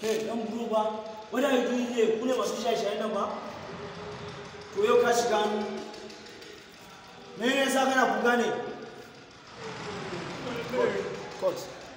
hey dan buru ba what are you doing here masu shaye-shaye nan ba to yau ka shiga hannu me ne yasa kana kuka ne court